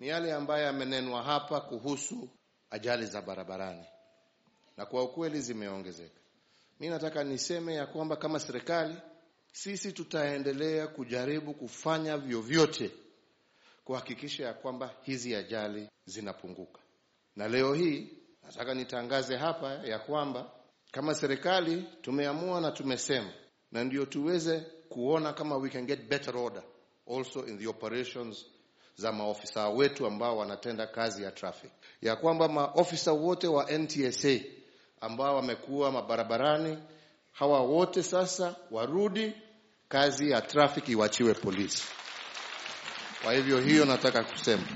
ni yale ambayo yamenenwa hapa kuhusu ajali za barabarani, na kwa ukweli zimeongezeka. Mi nataka niseme ya kwamba kama serikali sisi tutaendelea kujaribu kufanya vyovyote kuhakikisha ya kwamba hizi ajali zinapunguka, na leo hii nataka nitangaze hapa ya kwamba kama serikali tumeamua na tumesema, na ndio tuweze kuona kama we can get better order also in the operations za maofisa wetu ambao wanatenda kazi ya traffic, ya kwamba maofisa wote wa NTSA ambao wamekuwa mabarabarani, hawa wote sasa warudi kazi ya traffic, iwachiwe polisi. Kwa hivyo hiyo nataka kusema.